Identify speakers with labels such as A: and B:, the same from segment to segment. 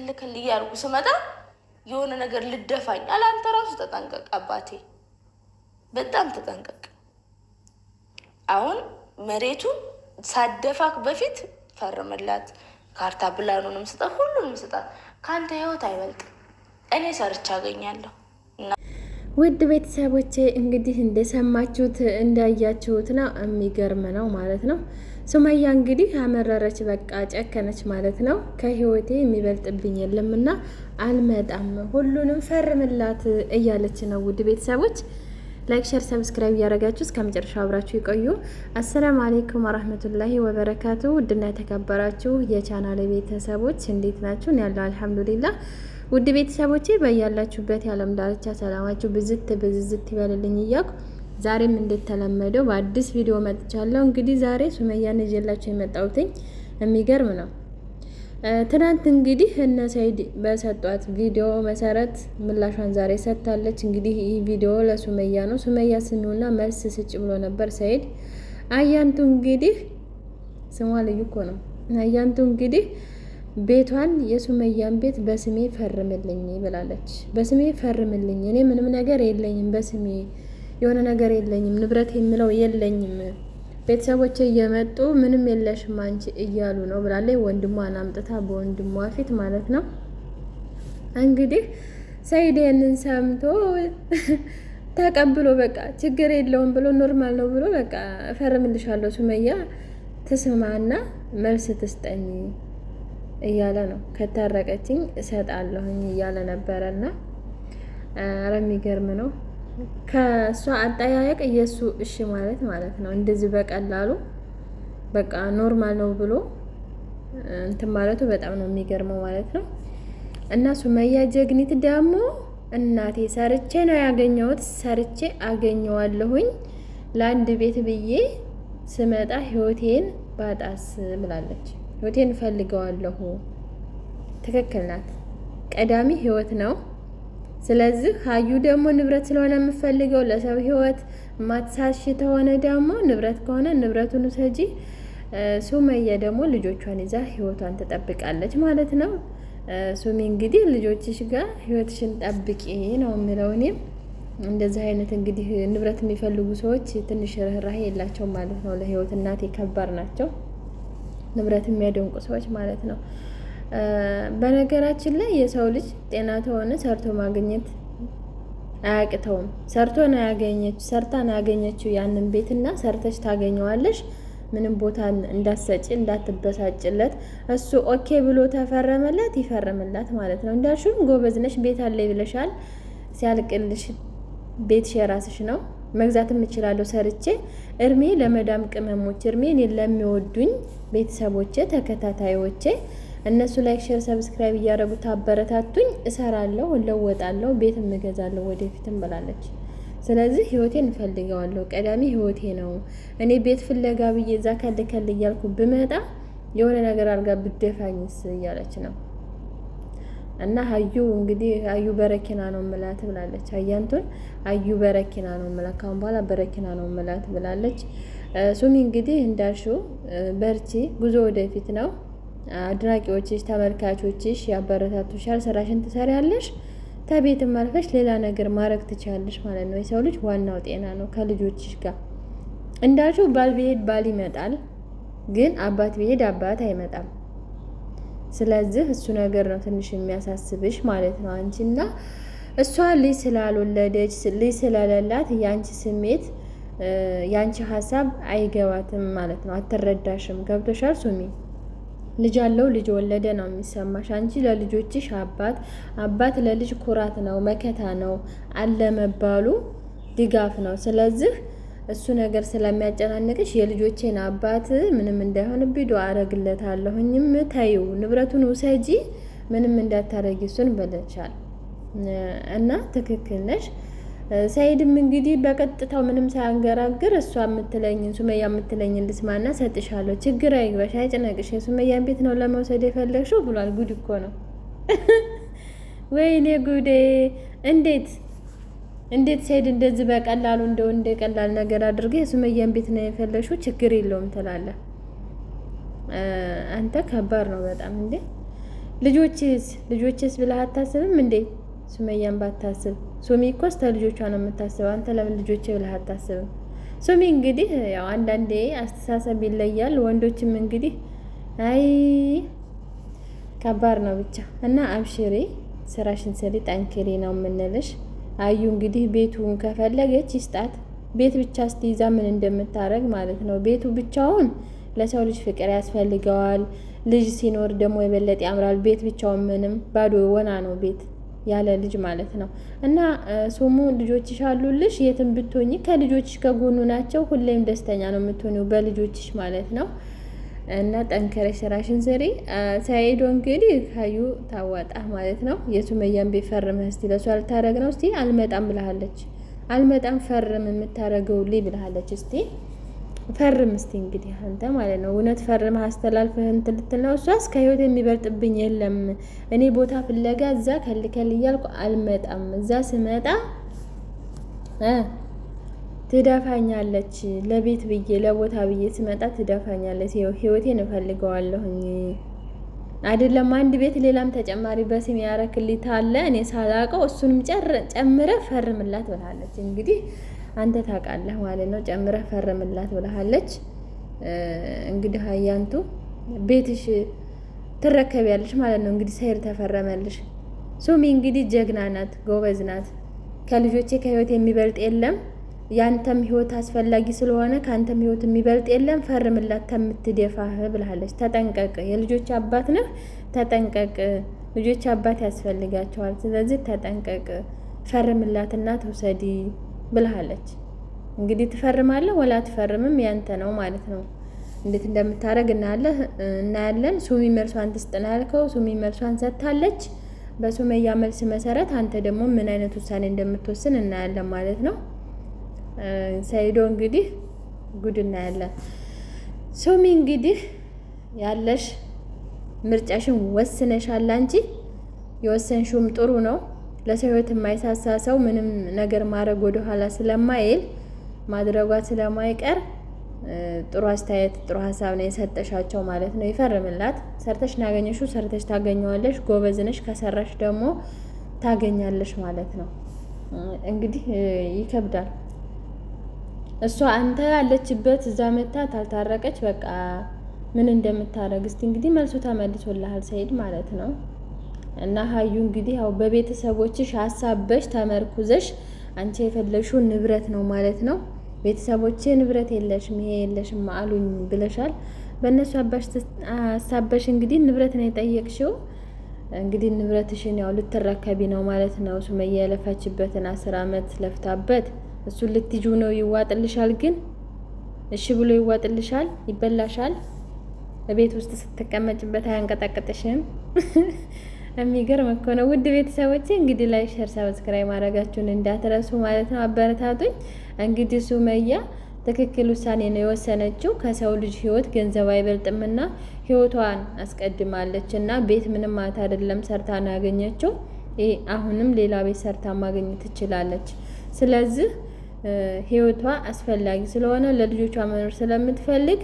A: እልክል እልክል ስመጣ የሆነ ነገር ልደፋኝ አለ። አንተ ራሱ ተጠንቀቅ አባቴ፣ በጣም ተጠንቀቅ። አሁን መሬቱን ሳደፋክ በፊት ፈርምላት፣ ካርታ ብላኑንም ስጠ፣ ሁሉንም ስጣት። ከአንተ ህይወት አይበልጥም። እኔ ሰርቻ አገኛለሁ።
B: ውድ ቤተሰቦቼ እንግዲህ እንደሰማችሁት እንዳያችሁት ነው። የሚገርም ነው ማለት ነው። ሱመያ እንግዲህ አመረረች፣ በቃ ጨከነች ማለት ነው። ከህይወቴ የሚበልጥብኝ የለምና አልመጣም፣ ሁሉንም ፈርምላት እያለች ነው። ውድ ቤተሰቦች ላይክ ሸር ሰብስክራይብ እያደረጋችሁ እስከ መጨረሻ አብራችሁ ይቆዩ። አሰላሙ አሌይኩም ወረህመቱላሂ ወበረካቱ። ውድና የተከበራችሁ የቻናል ቤተሰቦች እንዴት ናችሁ? ያለው አልሐምዱሊላ። ውድ ቤተሰቦቼ በያላችሁበት የዓለም ዳርቻ ሰላማችሁ ብዝት ብዝዝት ይበልልኝ እያልኩ ዛሬም እንደተለመደው በአዲስ ቪዲዮ መጥቻለሁ። እንግዲህ ዛሬ ሱመያን ይዤላችሁ የመጣሁትኝ የሚገርም ነው። ትናንት እንግዲህ እነ ሰይድ በሰጧት ቪዲዮ መሰረት ምላሿን ዛሬ ሰጥታለች። እንግዲህ ይህ ቪዲዮ ለሱመያ ነው። ሱመያ ስሚውና መልስ ስጭ ብሎ ነበር ሰይድ። አያንቱ እንግዲህ ስሟ ልዩ እኮ ነው። አያንቱ እንግዲህ ቤቷን የሱመያን ቤት በስሜ ፈርምልኝ ብላለች። በስሜ ፈርምልኝ፣ እኔ ምንም ነገር የለኝም በስሜ የሆነ ነገር የለኝም፣ ንብረት የምለው የለኝም፣ ቤተሰቦች እየመጡ ምንም የለሽም አንቺ እያሉ ነው ብላለች። ወንድሟን አምጥታ በወንድሟ ፊት ማለት ነው እንግዲህ ሰይድ ያንን ሰምቶ ተቀብሎ በቃ ችግር የለውም ብሎ ኖርማል ነው ብሎ በቃ እፈርምልሻለሁ ሱመያ ትስማና መልስ ትስጠኝ እያለ ነው። ከታረቀችኝ እሰጣለሁኝ እያለ ነበረና ኧረ የሚገርም ነው። ከእሷ አጠያየቅ እየሱ እሺ ማለት ማለት ነው። እንደዚህ በቀላሉ በቃ ኖርማል ነው ብሎ እንትን ማለቱ በጣም ነው የሚገርመው ማለት ነው። እና ሱመያ ጀግኒት ደግሞ እናቴ ሰርቼ ነው ያገኘሁት፣ ሰርቼ አገኘዋለሁኝ ለአንድ ቤት ብዬ ስመጣ ህይወቴን ባጣስ ብላለች። ህይወቴን እፈልገዋለሁ። ትክክል ናት። ቀዳሚ ህይወት ነው። ስለዚህ ሀዩ ደግሞ ንብረት ስለሆነ የምፈልገው ለሰው ህይወት ማትሳሽ ተሆነ ደግሞ ንብረት ከሆነ ንብረቱን ውሰጂ። ሱመያ ደግሞ ልጆቿን ይዛ ህይወቷን ትጠብቃለች ማለት ነው። ሱሚ እንግዲህ ልጆችሽ ጋር ህይወትሽን ጠብቂ ነው የምለው እኔም። እንደዚህ አይነት እንግዲህ ንብረት የሚፈልጉ ሰዎች ትንሽ ርህራሄ የላቸው ማለት ነው። ለህይወት እናት የከባድ ናቸው፣ ንብረት የሚያደንቁ ሰዎች ማለት ነው። በነገራችን ላይ የሰው ልጅ ጤና ተሆነ ሰርቶ ማግኘት አያቅተውም። ሰርቶ ነው ያገኘች ሰርታ ነው ያገኘችው ያንን ቤትና ሰርተች ታገኘዋለሽ። ምንም ቦታ እንዳትሰጪ እንዳትበሳጭለት። እሱ ኦኬ ብሎ ተፈረመለት ይፈርምላት ማለት ነው። እንዳልሽም ጎበዝ ነሽ፣ ቤት አለ ይብለሻል። ሲያልቅልሽ ቤትሽ የራስሽ ነው፣ መግዛትም እችላለሁ ሰርቼ። እድሜ ለመዳም ቅመሞች፣ እድሜ ለሚወዱኝ ቤተሰቦቼ፣ ተከታታዮቼ እነሱ ላይክ፣ ሼር፣ ሰብስክራይብ እያደረጉ ታበረታቱኝ፣ እሰራለሁ፣ እለወጣለሁ፣ ቤትም እገዛለሁ ወደፊትም ብላለች። ስለዚህ ህይወቴን እንፈልገዋለሁ። ቀዳሚ ህይወቴ ነው። እኔ ቤት ፍለጋ ብዬ እዛ ከል ከል እያልኩ ብመጣ የሆነ ነገር አድርጋ ብደፋኝስ እያለች ነው። እና አዩ እንግዲህ አዩ በረኪና ነው ምላት ብላለች። አያንቱን አዩ በረኪና ነው ምላት ካሁን በኋላ በረኪና ነው ምላት ብላለች። ሱሚ እንግዲህ እንዳልሽው በርቺ፣ ጉዞ ወደፊት ነው። አድናቂዎችሽ፣ ተመልካቾችሽ ያበረታቱሻል። ስራሽን ትሰሪያለሽ። ከቤትም አልፈሽ ሌላ ነገር ማድረግ ትችያለሽ ማለት ነው። የሰው ልጅ ዋናው ጤና ነው። ከልጆችሽ ጋር እንዳልሽው ባል ቢሄድ ባል ይመጣል፣ ግን አባት ቢሄድ አባት አይመጣም። ስለዚህ እሱ ነገር ነው ትንሽ የሚያሳስብሽ ማለት ነው። አንቺና እሷ ልጅ ስላልወለደች ልጅ ስለሌላት የአንቺ ስሜት የአንቺ ሀሳብ አይገባትም ማለት ነው። አትረዳሽም። ገብቶሻል ሱሚ? ልጅ አለው ልጅ ወለደ ነው የሚሰማሽ። አንቺ ለልጆችሽ አባት፣ አባት ለልጅ ኩራት ነው፣ መከታ ነው፣ አለመባሉ ድጋፍ ነው። ስለዚህ እሱ ነገር ስለሚያጨናንቅሽ የልጆቼን አባት ምንም እንዳይሆን ቢዶ አረግለታለሁኝም ተይው፣ ንብረቱን ውሰጂ፣ ምንም እንዳታረጊ እሱን በለቻል እና ትክክል ነሽ። ሰይድም እንግዲህ በቀጥታው ምንም ሳያንገራግር እሷ የምትለኝን ሱመያ የምትለኝን ልስማና ሰጥሻለሁ፣ ችግር አይግባሽ፣ አይጨነቅሽ፣ የሱመያን ቤት ነው ለመውሰድ የፈለግሽው ብሏል። ጉድ እኮ ነው። ወይኔ ጉዴ! እንዴት እንዴት ሰይድ እንደዚህ በቀላሉ እንደው እንደ ቀላል ነገር አድርገ የሱመያን ቤት ነው የፈለግሽው፣ ችግር የለውም ትላለ። አንተ። ከባድ ነው በጣም እንዴ! ልጆችስ ልጆችስ ብለህ አታስብም እንዴ? ሱመያን ባታስብ ሱሚ እኮ እስተ ልጆቿ ነው የምታስበው። አንተ ለምን ልጆቼ ብለህ አታስብም? ሱሚ እንግዲህ ያው አንዳንዴ አስተሳሰብ ይለያል። ወንዶችም እንግዲህ አይ ከባድ ነው ብቻ እና አብሽሪ፣ ስራሽን ስሪ፣ ጠንክሪ ነው የምንልሽ። አዩ እንግዲህ ቤቱን ከፈለገች ይስጣት። ቤት ብቻ ስትይዛ ምን እንደምታደረግ ማለት ነው። ቤቱ ብቻውን ለሰው ልጅ ፍቅር ያስፈልገዋል። ልጅ ሲኖር ደግሞ የበለጠ ያምራል። ቤት ብቻውን ምንም ባዶ ወና ነው ቤት ያለ ልጅ ማለት ነው። እና ሱሙ ልጆችሽ አሉልሽ፣ የትም ብትሆኝ ከልጆችሽ ከጎኑ ናቸው። ሁሌም ደስተኛ ነው የምትሆኚው በልጆችሽ ማለት ነው። እና ጠንከረሽ ስራሽን ስሪ። ሳይዶ እንግዲህ ካዩ ታዋጣ ማለት ነው። የሱመያን ቤት ፈርመህ እስቲ ለሱ አልታረግ ነው እስቲ አልመጣም ብልሃለች። አልመጣም ፈርም የምታረገው ልይ ብልሃለች እስቲ ፈርም እስቲ እንግዲህ አንተ ማለት ነው እውነት ፈርም አስተላልፈህ እንትን ልትል ነው። እሷስ ከህይወት የሚበልጥብኝ የለም። እኔ ቦታ ፍለጋ እዛ ከልከል እያልኩ አልመጣም። እዛ ስመጣ ትደፋኛለች። ለቤት ብዬ ለቦታ ብዬ ስመጣ ትደፋኛለች። ህይወቴን እፈልገዋለሁኝ አይደለም አንድ ቤት ሌላም ተጨማሪ በስም ያረክልታለ እኔ ሳላውቀው እሱንም ጨምረህ ፈርምላት ብላለች እንግዲህ አንተ ታውቃለህ ማለት ነው። ጨምረህ ፈርምላት ብለሃለች። እንግዲህ አያንቱ ቤትሽ ትረከቢያለሽ ማለት ነው። እንግዲህ ሰይር ተፈረመልሽ። ሱሚ እንግዲህ ጀግና ናት፣ ጎበዝ ናት። ከልጆቼ ከህይወት የሚበልጥ የለም ያንተም ህይወት አስፈላጊ ስለሆነ ከአንተም ህይወት የሚበልጥ የለም። ፈርምላት ከምትደፋህ ብላለች። ተጠንቀቅ፣ የልጆች አባት ነህ፣ ተጠንቀቅ። ልጆች አባት ያስፈልጋቸዋል። ስለዚህ ተጠንቀቅ፣ ፈርምላትና ተውሰዲ ብልሃለች። እንግዲህ ትፈርማለህ ወላ ትፈርምም ያንተ ነው ማለት ነው። እንዴት እንደምታደርግ እናያለን። ሱሚ መልሷን ትስጥና ያልከው ሱሚ መልሷን ሰጥታለች። በሱመያ መልስ መሰረት አንተ ደግሞ ምን አይነት ውሳኔ እንደምትወስን እናያለን ማለት ነው። ሰይዶ እንግዲህ ጉድ እናያለን። ሱሚ እንግዲህ ያለሽ ምርጫሽን ወስነሻል። አንቺ የወሰንሽውም ጥሩ ነው። ለሰው ህይወት የማይሳሳ ሰው ምንም ነገር ማድረግ ወደኋላ ስለማይል ማድረጓ ስለማይቀር ጥሩ አስተያየት ጥሩ ሀሳብ ነው የሰጠሻቸው ማለት ነው። ይፈርምላት። ሰርተሽ ናገኘሹ ሰርተሽ ታገኘዋለሽ። ጎበዝነሽ ከሰራሽ ደግሞ ታገኛለሽ ማለት ነው። እንግዲህ ይከብዳል። እሷ አንተ ያለችበት እዛ መታ ታልታረቀች በቃ ምን እንደምታረግ እስቲ እንግዲህ መልሶ ተመልሶልሃል ሰይድ ማለት ነው። እና ሀዩ እንግዲህ ያው በቤተሰቦችሽ ሀሳበሽ ተመርኩዘሽ አንቺ የፈለግሽው ንብረት ነው ማለት ነው። ቤተሰቦቼ ንብረት የለሽም ይሄ የለሽም አሉኝ ብለሻል። በእነሱ ሀሳበሽ እንግዲህ ንብረት ነው የጠየቅሽው። እንግዲህ ንብረትሽን ያው ልትረከቢ ነው ማለት ነው። ሱመያ የለፈችበትን አስር አመት ለፍታበት እሱን ልትጁ ነው። ይዋጥልሻል ግን እሺ ብሎ ይዋጥልሻል? ይበላሻል? ቤት ውስጥ ስትቀመጭበት አያንቀጠቅጥሽም? የሚገርም እኮ ነው። ውድ ቤተሰቦች እንግዲህ ላይ ሸር ሰብስክራይብ ማድረጋችሁን እንዳትረሱ ማለት ነው። አበረታቱኝ። እንግዲህ ሱመያ ትክክል ውሳኔ ነው የወሰነችው። ከሰው ልጅ ህይወት ገንዘብ አይበልጥምና ህይወቷን አስቀድማለች እና ቤት ምንም ማለት አይደለም ሰርታ ነው ያገኘችው። አሁንም ሌላ ቤት ሰርታ ማግኘት ትችላለች። ስለዚህ ህይወቷ አስፈላጊ ስለሆነ ለልጆቿ መኖር ስለምትፈልግ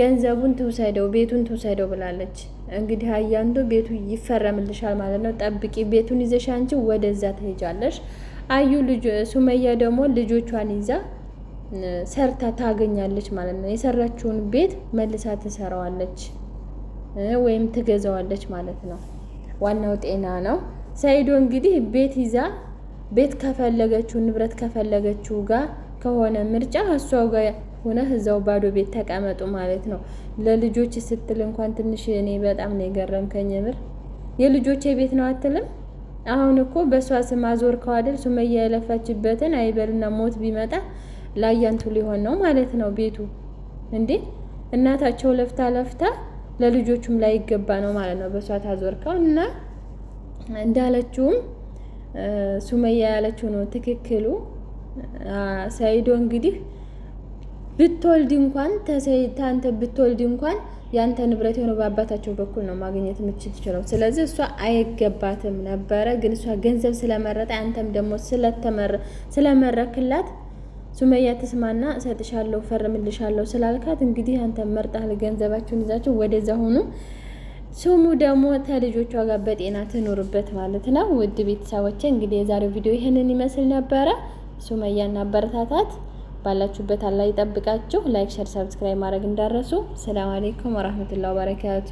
B: ገንዘቡን ትውሰደው፣ ቤቱን ትውሰደው ብላለች። እንግዲህ አያንዶ ቤቱ ይፈረምልሻል ማለት ነው። ጠብቂ፣ ቤቱን ይዘሽ አንቺ ወደዛ ትሄጃለሽ። አዩ ልጅ ሱመያ ደግሞ ልጆቿን ይዛ ሰርታ ታገኛለች ማለት ነው። የሰራችውን ቤት መልሳ ትሰራዋለች ወይም ትገዛዋለች ማለት ነው። ዋናው ጤና ነው። ሰይዶ እንግዲህ ቤት ይዛ ቤት ከፈለገችው ንብረት ከፈለገችው ጋር ከሆነ ምርጫ እሷ ጋር ሆነ እዛው ባዶ ቤት ተቀመጡ ማለት ነው። ለልጆች ስትል እንኳን ትንሽ እኔ በጣም ነው የገረምከኝ። ምር የልጆቼ ቤት ነው አትልም? አሁን እኮ በእሷ ስም አዞር ከዋደል ሱመያ የለፋችበትን አይበልና ሞት ቢመጣ ላያንቱ ሊሆን ነው ማለት ነው ቤቱ እንዴ። እናታቸው ለፍታ ለፍታ ለልጆቹም ላይ ይገባ ነው ማለት ነው። በእሷ ታዞርከው እና እንዳለችውም ሱመያ ያለችው ነው ትክክሉ። ሰይዶ እንግዲህ ብትወልድ እንኳን ተሰይታንተ ብትወልድ እንኳን ያንተ ንብረት የሆነው በአባታቸው በኩል ነው ማግኘት የምትችለው። ስለዚህ እሷ አይገባትም ነበረ፣ ግን እሷ ገንዘብ ስለመረጠ አንተም ደግሞ ስለመረክላት ሱመያ ተስማና እሰጥሻለሁ፣ ፈርምልሻለሁ ስላልካት እንግዲህ አንተ መርጣል። ገንዘባችሁን ይዛችሁ ወደዛ ሆኑ። ስሙ ደግሞ ከልጆቿ ጋር በጤና ትኖርበት ማለት ነው። ውድ ቤተሰቦቼ እንግዲህ የዛሬው ቪዲዮ ይህንን ይመስል ነበረ። ሱመያ እና በረታታት ባላችሁበት አላህ ይጠብቃችሁ። ላይክ፣ ሸር፣ ሰብስክራይብ ማድረግ እንዳረሱ። ሰላም አሌይኩም ወራህመቱላሂ ወበረካቱ